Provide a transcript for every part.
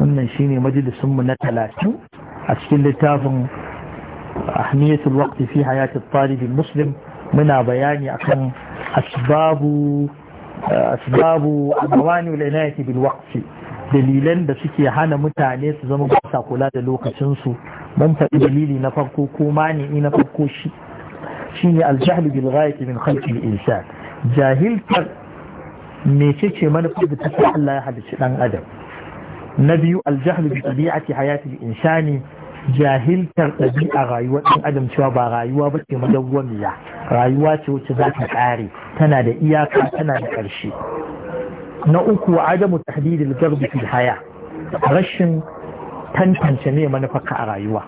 wannan shine mu na talatin a cikin littafin ahmiyatul waqti fi hayatul talibin muslim muna bayani akan asbabu asbabu amawani wal inayati bil waqti dalilan da suke hana mutane su zama ba sa kula da su mun faɗi dalili na farko ko mani na farko shi shine aljahlu bil ghayati min khalqi al insan jahiltar mecece manufar da ta Allah ya halicci dan adam na biyu aljahlu bi tabi'ati hayati insani jahiltar ɗabi'a rayuwar ɗan adam cewa ba rayuwa ba ce madawwamiya rayuwa ce wacce za ta ƙare tana da iyaka tana da ƙarshe na uku wa adamu tahdidil garbi fil haya rashin tantance ne manufarka a rayuwa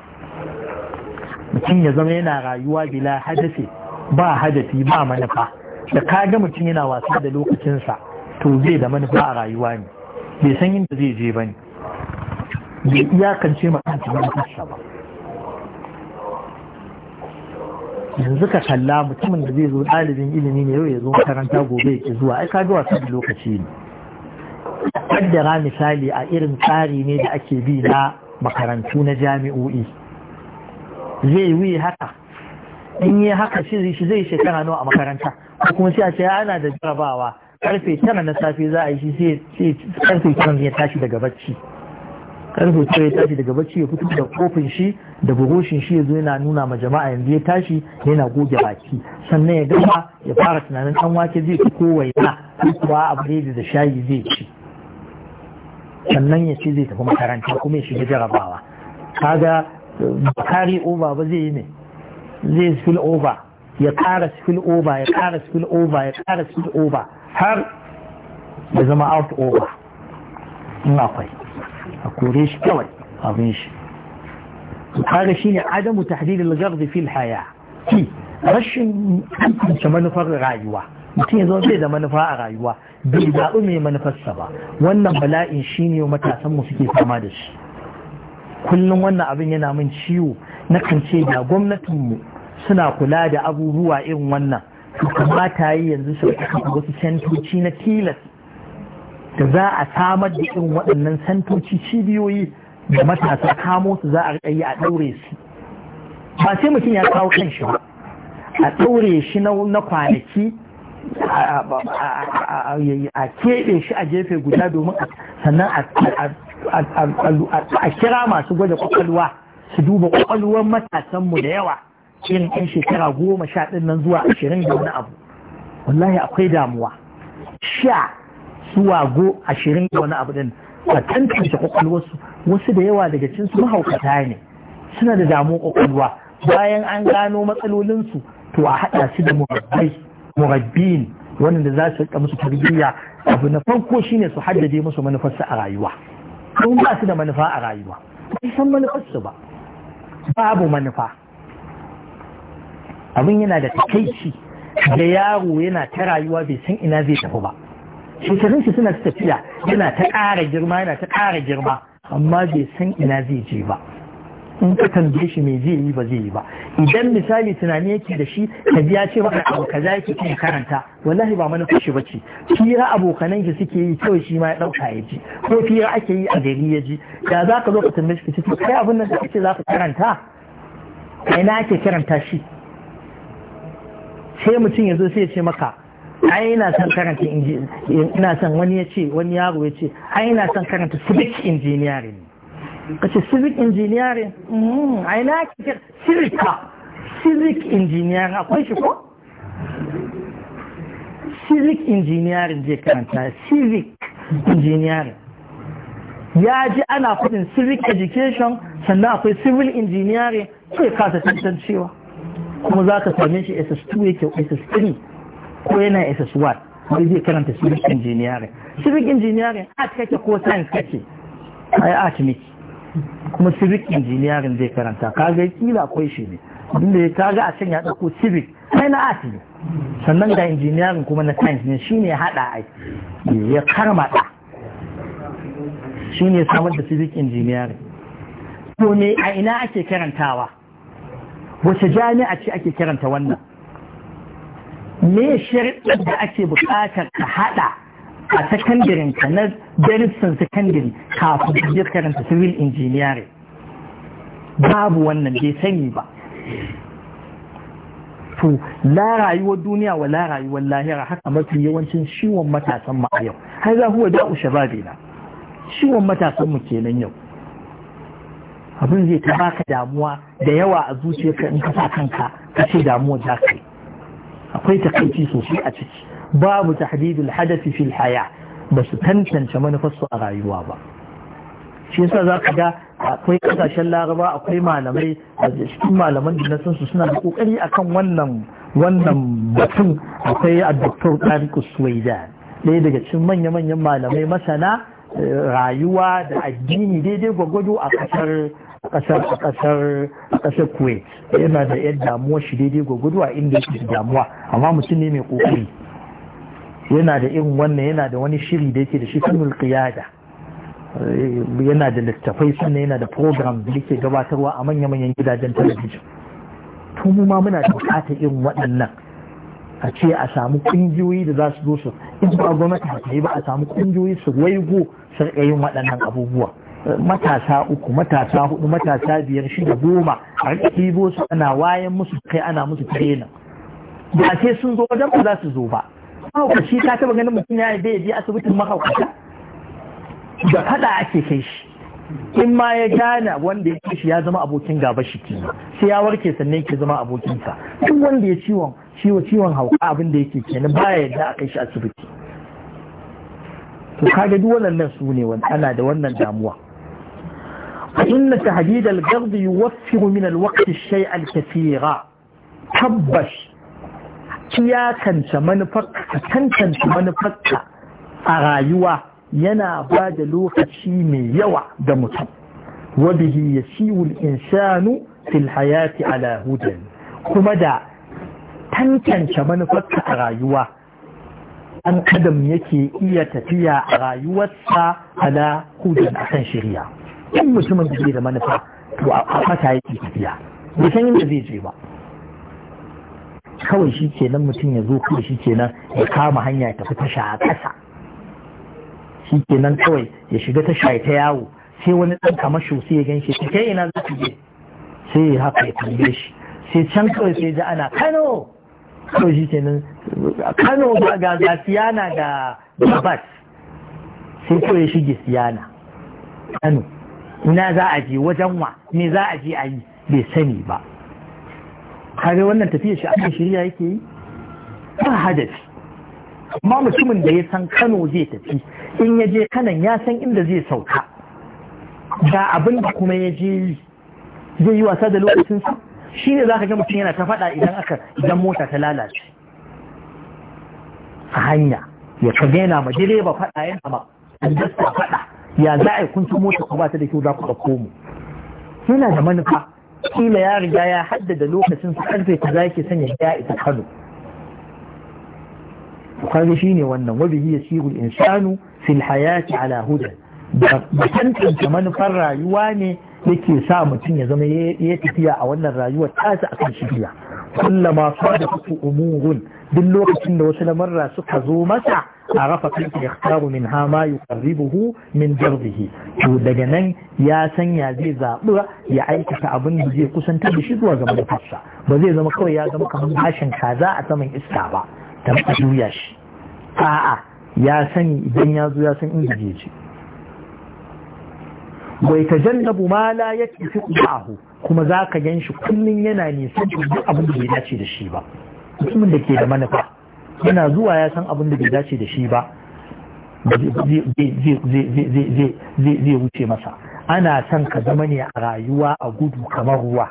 mutum ya zama yana rayuwa bila hadafi ba hadafi ba manufa da kaga mutum yana wasa da lokacinsa to zai da manufa a rayuwa ne bai san da zai je ba ne bai iyakance masu kansa ba ba yanzu ka kalla mutumin da zai zo ɗalibin ilimi ne yau ya zo makaranta gobe ke zuwa ai kaga wasu da lokaci ne kaddara misali a irin tsari ne da ake bi na makarantu na jami'o'i zai wuyi haka in yi haka shi zai shekara nawa a makaranta kuma sai a ce ana da jarabawa karfe tara na safe za a yi shi sai karfe tara ya tashi daga bacci karfe ya tashi daga bacci ya fito da kofin shi da buroshin shi ya zo yana nuna ma jama'a yanzu ya tashi yana goge baki sannan ya gama ya fara tunanin dan wake zai fi kowai na kuma a da shayi zai ci sannan ya ce zai tafi makaranta kuma ya shiga jarabawa kaga kari over ba zai yi ne zai spill over ya kara spill over ya kara spill over ya kara spill over har ya zama out over in akwai a kore shi kawai abin shi kaga shi ne adamu tahdidil gardi fil haya ki rashin tantance manufar rayuwa mutum ya zama zai da manufa a rayuwa bai zaɓi mai manufarsa ba wannan bala'in shi ne matasan mu suke fama da shi kullum wannan abin yana min ciwo na kan ce da gwamnatinmu suna kula da abubuwa irin wannan Amma ta yi yanzu su kafa wasu santoci na tilas da za a samar da irin waɗannan santoci cibiyoyi da matasa kamo su za a yi a ɗaure su ba sai mutum ya kawo kan shi ba a ɗaure shi na kwanaki a keɓe shi a jefe guda domin sannan a kira masu gwada ƙwaƙwalwa su duba ƙwaƙwalwar matasanmu da yawa irin yan shekara goma sha ɗin nan zuwa ashirin da wani abu wallahi akwai damuwa sha zuwa go ashirin da wani abu ɗin a tantance kwakwalwarsu wasu da yawa daga cinsu mahaukata ne suna da damuwa kwakwalwa bayan an gano matsalolinsu to a haɗa su da murabbai murabbin wanda za su musu tarbiyya abu na farko shine su haddade musu manufarsu a rayuwa don ba su da manufa a rayuwa ba san manufarsu ba babu manufa abin yana da takaici da yaro yana ta rayuwa bai san ina zai tafi ba shekarun shi suna tafiya yana ta ƙara girma yana ta ƙara girma amma bai san ina zai je ba in ka tambaye shi zai yi ba zai yi ba idan misali tunani yake da shi ka biya ce maka abu kaza yake kan karanta wallahi ba mana ba bace fira abokanan shi suke yi kawai shi ma ya ɗauka ya ji ko fira ake yi a gari ya ji da za ka zo ka tambaye shi ka ce kai abin nan da kake za ka karanta ina ake karanta shi sai mutum ya zo sai ya ce maka ai ina son karanta ina son wani ya ce wani yaro ya ce ai ina son karanta civic engineering ka ce civic engineering hmm, ai na civic ka civic engineering akwai shi ko civic engineering je karanta civic engineering ya ji ana kudin civic education sannan akwai civil engineering sai kasa tantancewa kuma za ka same shi ss2 yake ss3 ko yana ss1 wani zai karanta civic engineering civic engineering art kake ko science kake ai art ne kuma civic engineering zai karanta kaga kila akwai shi ne abinda ya kaga a can ya dauko civic Kai na art ne sannan ga engineering kuma na science ne shine ya hada ai ya karmada shine samar da civic engineering to ne a ina ake karantawa wace jami'a ce ake kiranta wannan me shirin da ake bukatar ka haɗa a sakandirin ka na darussan sakandiri kafin ka karanta civil engineering babu wannan bai sani ba to la rayuwar duniya wa la rayuwar lahira haka mafi yawancin ciwon matasan ma a yau har za huwa ciwon matasan mu kenan yau abin zai ta baka damuwa da yawa a zuciyarka in ka sa kanka ka ce damuwa za ka yi akwai takaici sosai a ciki babu tahdidul hadathi fil haya ba su tantance manufarsu a rayuwa ba shi yasa za ka ga akwai kasashen laraba akwai malamai a cikin malaman da na su suna da kokari akan wannan wannan batun akwai a doktor tariku suwaida ɗaya daga cikin manya-manyan malamai masana eh, rayuwa da addini daidai gwagwado a kasar A kasar kuwait yana da yan damuwa shi daidai gwagwado a inda yake damuwa amma mutum ne mai kokari yana da irin wannan yana da wani shiri da yake da shi kamar qiyada eh, yana da littafai sannan yana da program da yake gabatarwa a manya-manyan gidajen talabijin to mu ma muna da bukatar irin waɗannan a ce a samu ƙungiyoyi da za su zo su in ba gwamnati ba ta yi ba a samu ƙungiyoyi su waigo sarƙayin waɗannan abubuwa matasa uku matasa hudu matasa biyar shida goma a ɗibo su ana wayan musu kai ana musu training ba sai sun zo wajen ba za su zo ba mahaukaci ta taba ganin mutum ya bai je asibitin mahaukaci. da fada ake kai shi in ma ya gane wanda ya ce shi ya zama abokin gaba shi ke sai ya warke sannan ke zama abokin sa duk wanda ya ciwon ciwo ciwon hauka abin da yake kenan baya yadda a kai shi asibiti to kaga duk wannan su ne ana da wannan damuwa فإن تهديد الجرد يوفر من الوقت الشيء الكثير تبش kiyakanta manufarka tantance manufarka a rayuwa yana ba da lokaci mai yawa da mutum wabihi ya siwul insanu fil hayati ala hudan kuma da tantance manufarka a rayuwa an adam yake iya tafiya a rayuwarsa ala hudan akan shirya in mutumin da ke da manufa to a fata yake tafiya bai san inda zai je ba kawai shi nan mutum ya zo kawai shi nan ya kama hanya ya tafi tasha a ƙasa shi nan kawai ya shiga tasha ya ta yawo sai wani ɗan kamar sai ya ganshi ta kai ina za je sai ya haka ya tambaye shi sai can kawai sai ji ana kano kawai shi nan kano ga ga siyana ga babas sai kawai shige siyana kano ina za a je wajen wa me za a je a yi bai sani ba kare wannan tafiya shi akan shirya yake yi ba hadafi amma mutumin da ya san kano zai tafi in ya je kanan ya san inda zai sauka da abin da kuma ya je yi zai yi wasa da lokacin lokacinsa shi ne za ka ga mutum yana ta faɗa idan aka idan mota ta lalace a hanya ya ka gaina ma direba faɗa yana ma an ya za a yi kuncin mota ku ba ta da kyau za ku ɗauko mu yana da manufa kila ya riga ya haddada lokacin su karfe ta za sanya ya ita kano kaga shi ne wannan wabi hiya sirul insanu fil hayati ala hudan da tantance manufar rayuwa ne yake sa mutum ya zama ya tafiya a wannan rayuwar tasa akan shiriya kullama sadaqatu umurun duk lokacin da wasu lamarra suka zo masa عرف كيف يختار منها ما يقربه من جرده to daga nan ya san ya zai zaɓi ya aikata abin da zai kusantar da shi zuwa ga manufarsa ba zai zama kawai ya zama kamar bashin kaza a saman iska ba ta maka juya shi a'a ya sani idan ya zo ya san inda zai je bai ta jannabu ma la ya tafi ma'ahu kuma za ka gan shi kullum yana nisan duk abin da bai dace da shi ba mutumin da ke da manufa yana zuwa ya san abin da bai dace da shi ba zai wuce masa ana san ka zama ne a rayuwa a gudu kamar ruwa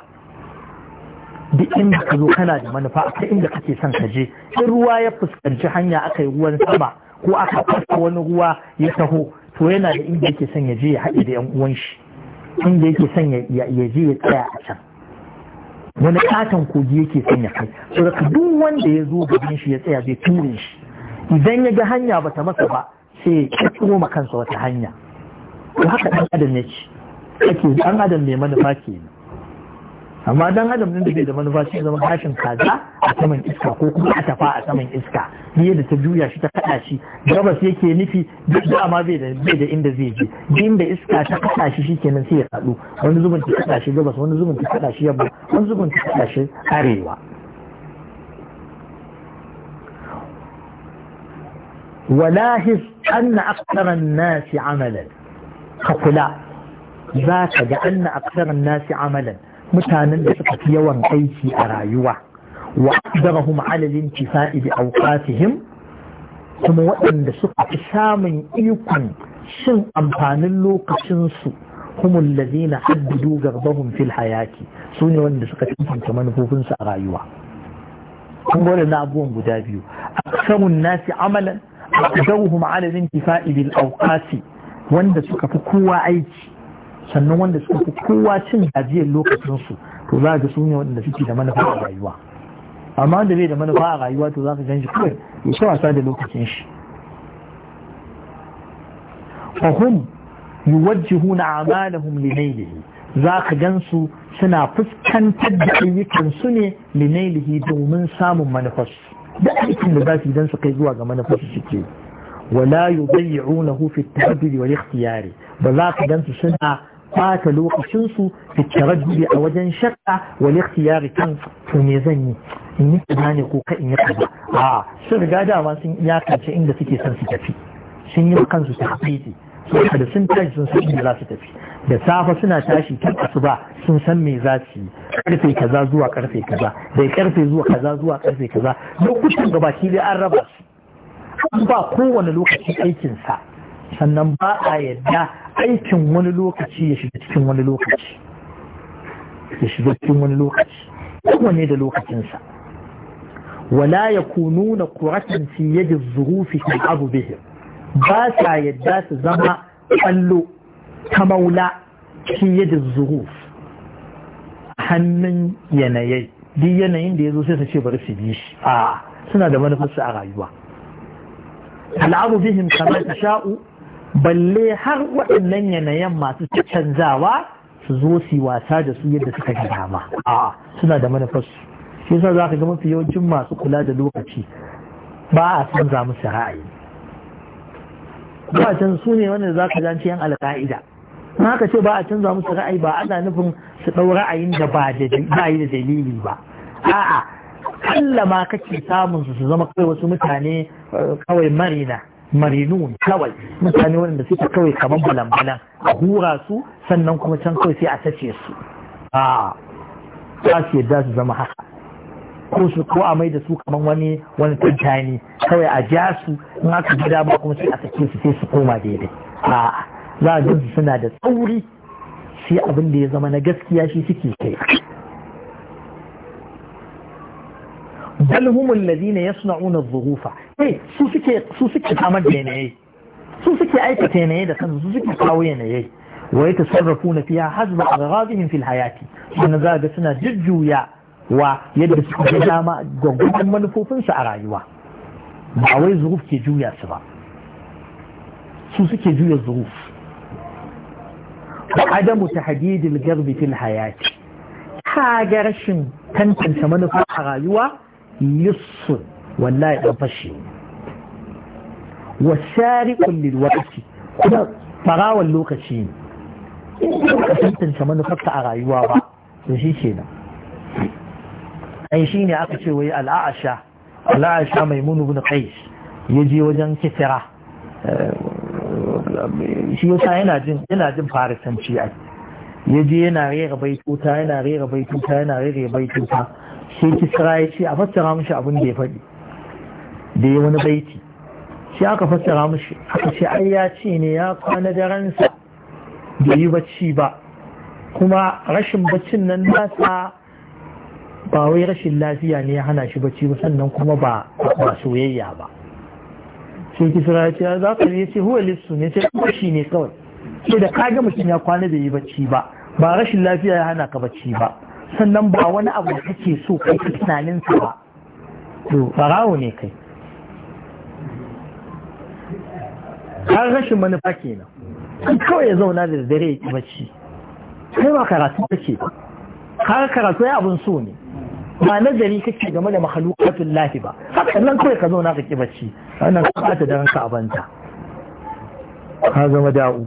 duk inda ka zo kana da manufa a inda kake son ka je in ruwa ya fuskanci hanya aka yi ruwan sama ko aka fasa wani ruwa ya taho to yana da inda yake son ya je ya haɗe da 'yan uwanshi inda yake son ya je ya tsaya a can wani katon kogi yake sanya kai so da duk wanda ya zo gaban shi ya tsaya zai ture shi idan ya ga hanya ba ta masa ba sai ya tsoro ma kansa wata hanya to haka dan adam ce ake dan adam mai manufa kenan amma dan adam din da bai da manufa shi zama hashin kaza a saman iska ko kuma a tafa a saman iska ni da ta juya shi ta kada shi gabas yake nufi duk da amma bai da bai da inda zai je din da iska ta kada shi shikenan sai ya sadu wani zubin ta kada shi gabas wani zubin ta kada shi yamma wani zubin ta kada shi arewa ولاحظ أن أكثر الناس عملا فقلا ذاك بأن أكثر الناس عملا mutanen da suka fi yawan aiki a rayuwa wa azarahum ala lintifa'i bi awqatihim kuma waɗanda suka fi samun ikon shin amfanin lokacinsu kuma lalazina haddudu garbahun fil hayaki su ne wanda suka cancanta manufofinsu a rayuwa kun gwada na abubuwan guda biyu aksamun nasi amalan aksaruhum ala lintifa'i bil awqati wanda suka fi kowa aiki sannan wanda suka fi kowa cin gajiyar lokacinsu to za ga su ne wanda suke da manufa a rayuwa amma wanda bai da manufa a rayuwa to za ka gan shi kawai ya shi wasa da lokacin shi fahim yuwajjihuna amalahum linailihi za ka gan su suna fuskantar da ayyukansu ne linailihi domin samun manufarsu da aikin da za su yi don su kai zuwa ga manufarsu suke wala yubayyi'unahu fi at-ta'abbud wal ikhtiyari ba za ka gansu suna ɓata lokacinsu da taraddi a wajen shakka wal ikhtiyari kan to me zan yi in yi kaza ne ko ka in yi kaza a sun riga dama sun iyakance inda suke son su tafi sun yi kansu ta haƙiƙi da sun tashi sun san inda za su tafi da safe suna tashi tun asuba sun san me za su yi karfe kaza zuwa karfe kaza da karfe zuwa kaza zuwa karfe kaza lokutan gabaki dai an raba su an ba kowane lokacin aikinsa sannan ba a yadda aikin wani lokaci ya shiga cikin wani lokaci ya shiga cikin wani lokaci kowane da lokacinsa wala ya kunu na kuratan fi yadda zurufi fi abu ba sa yadda su zama kallo ta maula fi yadda zuruf hannun yanayai duk yanayin da ya zo sai su ce bari su bi shi a suna da manufarsu a rayuwa al'abu bihim kamar ta sha'u balle har waɗannan yanayin masu canzawa su zo su wasa da su yadda suka ga dama a suna da manufarsu shi yasa za ka ga mafi yawancin masu kula da lokaci ba a canza musu ra'ayi ba a can su ne wanda za ka zance yan alƙa'ida na haka ce ba a canza musu ra'ayi ba ana nufin su ɗau ra'ayin da ba yi da dalili ba a'a kalla ma kake samun su su zama kawai wasu mutane eh, kawai marina marinun kawai mutane waɗanda suke kawai kamar balan-balan, a hura su sannan kuma can kawai sai a tace su a za su yadda su zama haka ko su ko a mai da su kamar wani wani tantani kawai a ja su in aka ji dama kuma sai a sake su sai su koma daidai a za a su suna da tsauri sai abin da ya zama na gaskiya shi suke kai بل هم الذين يصنعون الظروف ايه سو سكي سو سكي عمل بين ايه سو سكي ايتين ايه ده سو سكي قاوين ايه ويتصرفون فيها حسب اغراضهم في الحياة انا ذا دسنا ججو يا ويدس جنام جنام منفوف سعر ايوا معوي ظروف كي جو يا سبا سو سكي جو يا ظروف وعدم تحديد الجرب في الحياة حاجة رشن تنتم شمال فرح غايوة نصف ولا يطفش والسارق للوقت كنا طغى واللوكشين كنت نسمى نفكت أغايوا نشي شينا أي شيني أكشي وي الأعشى الأعشى ميمون بن قيش يجي وجن كثرة shi yasa yana jin yana jin farisanci a yaji yana rera bai tuta yana rera bai tuta yana rera bai tuta sai kisra ya ce a fassara mashi abin da ya faɗi da ya wani baiti sai aka fassara mashi aka ce ai ya ce ne ya kwana daransa bai yi bacci ba kuma rashin baccin nan nasa ba wai rashin lafiya ne ya hana shi bacci ba sannan kuma ba ba soyayya ba sai kisra ya ce za ka ne ce huwa lissu ne sai kuma shi ne kawai sai da kaga mutum ya kwana da yi bacci ba ba rashin lafiya ya hana ka bacci ba sannan ba wani abu da kake so kai ka sa ba to barawo ne kai har rashin manufa kenan kai kawai ya zauna da dare ya ki bacci kai ba karatu kake ba har karatu ya abin so ne ba nazari kake game da makhluqatul lahi ba sannan nan kawai ka zauna ka ki bacci wannan ka ta daren ka abanta ka zama da'u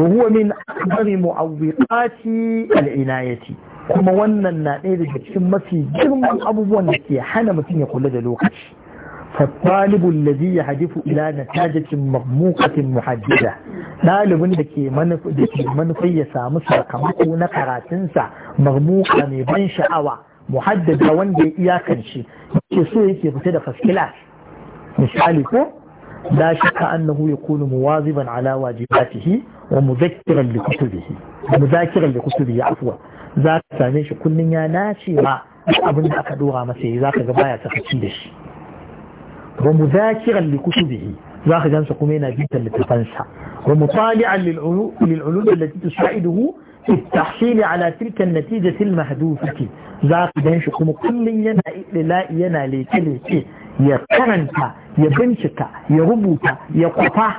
huwa min akbari mu'awwiqati al'inayati kuma wannan na ɗaya daga cikin mafi girman abubuwan da ke hana mutum ya kula da lokaci فالطالب الذي يهدف إلى نتاجة مغموقة محددة ɗalibin da ke manufi ya samu sakamako na karatunsa marmuka mai ban sha'awa muhaddada wanda ya iyakance ke so yake fita da first misali ko لا شك أنه يكون مواظبا على واجباته ومذكرا لكتبه مذاكرا لكتبه عفوا ذاك ثانيش كل نيا ناشي ما أبن ذاك دوغا سي ذاك غباية تخشيدش ومذاكرا لكتبه ذاك جانس قمينا جدا لتفنسا ومطالعا للعلوم التي تساعده في التحصيل على تلك النتيجة المحدوثه ذاك جانس قم كل ينا إلا ينا ليتلك يقرنها ya bincika ya rubuta ya kwafa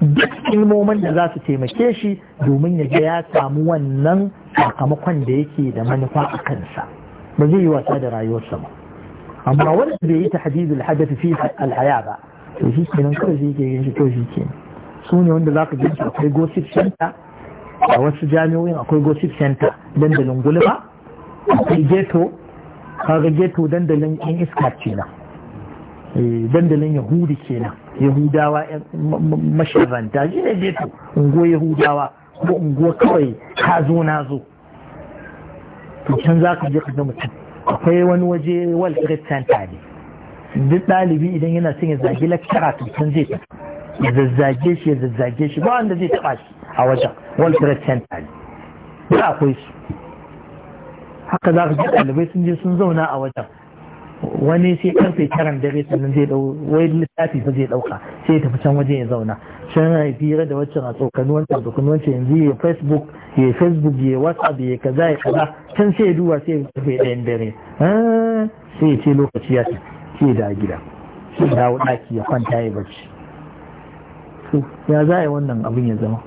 duk ilmomin da za su taimake shi domin ya ga ya samu wannan sakamakon da yake da manufa a kansa ba zai yi wasa da rayuwarsa ba amma wanda bai yi tahdidul hadath fi alhaya ba to shi kenan kawai zai ke yin shi to shi kenan su ne wanda zaka bincika akwai gossip center a wasu jami'o'in akwai gossip center dandalin gulma akwai ghetto kaga ghetto dandalin yan iska kenan Eh, dandalin yahudi kenan yahudawa masharanta shi ne beto ungo yahudawa ko ungo kawai ka zo na zo to can za ka je ka ga mutum akwai wani waje wal center ne duk ɗalibi idan yana son ya zagi lakcara to can zai ta ya zazzage shi ya zazzage shi ba wanda zai taɓa shi a wajen wal center ne ba akwai su haka za ka ga ɗalibai sun je sun zauna a wajen wani sai karfe karan dare sannan zai dau wai lissafi fa zai dauka sai ya tafi can waje ya zauna can ya fira da waccan a tsokani wancan tsokani wancan yanzu ya facebook ya facebook ya whatsapp ya kaza ya kaza can sai ya duba sai ya tafi ɗayan dare ah, sai ya ce lokaci ya ce sai da gida sai ya dawo ɗaki ya kwanta ya bacci ya za a yi wannan abin ya zama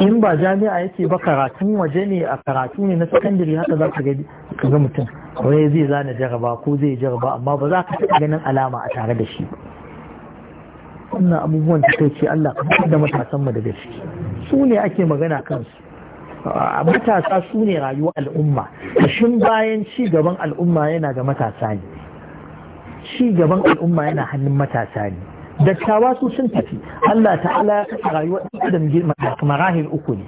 in ba jami'a yake ba karatun waje ne a karatu ne na sakandare haka za ka ga mutum wai zai zana jaraba ko zai jaraba amma ba za ka taɓa ganin alama a tare da shi wannan abubuwan ta kai ce Allah ka da matasan mu daga ciki su ne ake magana kansu a matasa su ne rayuwa al'umma shi bayan ci gaban al'umma yana ga matasa ne ci gaban al'umma yana hannun matasa ne دكاواتو سنتفي الله تعالى عدم مراهل أكولي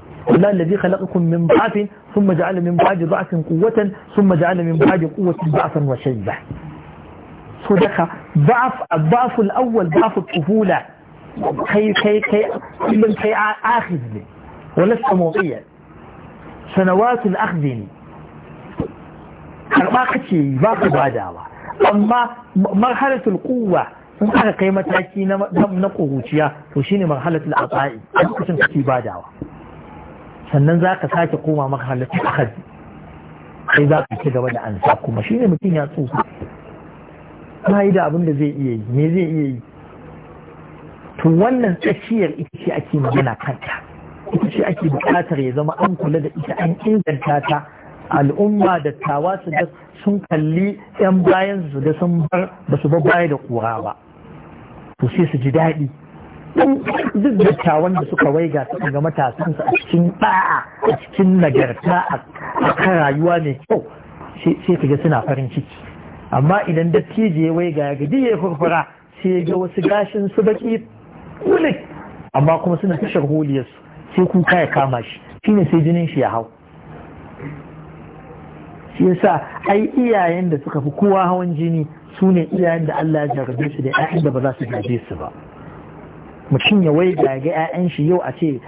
الذي خلقكم من ضعف ثم جعل من بعد ضعف قوة ثم جعل من بعد قوة ضعفا وشيبة صدق ضعف الضعف الأول ضعف الطفولة كي كي كي من كي آخذ ولست موقيا سنوات الأخذين الواقع شيء باقي بعد أما مرحلة القوة in aka kai mataki na na ƙuruciya to shine marhalatul aqa'i a lokacin kake badawa sannan za ka sake koma marhalatul akhadi sai za ka ci gaba da ansa kuma shi ne mutum ya tsufa ba yi da abin da zai iya yi me zai iya yi to wannan tsakiyar ita ce ake magana kanta ita ce ake buƙatar ya zama an kula da ita an inganta ta al'umma da tawa su da sun kalli 'yan bayan su da sun bar ba su ba baya da kura ba to sai su ji daɗi duk dattawan da suka waiga suka ga matasansu a cikin ɗa'a a cikin nagarta a kan rayuwa mai kyau sai ka ga suna farin ciki amma idan dattijo ya waiga ya gidi ya furfura sai ya ga wasu gashin su baki kulik amma kuma suna tashar holiyarsu sai kuka ya kama shi shine sai jinin shi ya hau shi yasa ai iyayen da suka fi kowa hawan jini su ne iyayen da Allah ya jarabe su da ƴaƴan da ba za su gaje su ba mutum ya wai da ga ƴaƴan shi yau a ce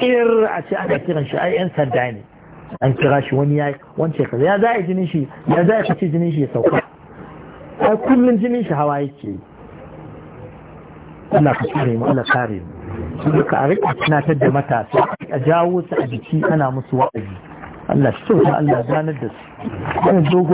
kir a ce ana kiran shi ai ƴan sanda ne an kira shi wani ya wance kaza ya za a jinin shi ya za a kace jinin shi ya sauka ai kullun jinin shi hawa yake Allah ka kare mu Allah kare mu su duka a rika tunatar da matasa a jawo su a jiki ana musu wa'azi Allah shi kyauta Allah ganar da su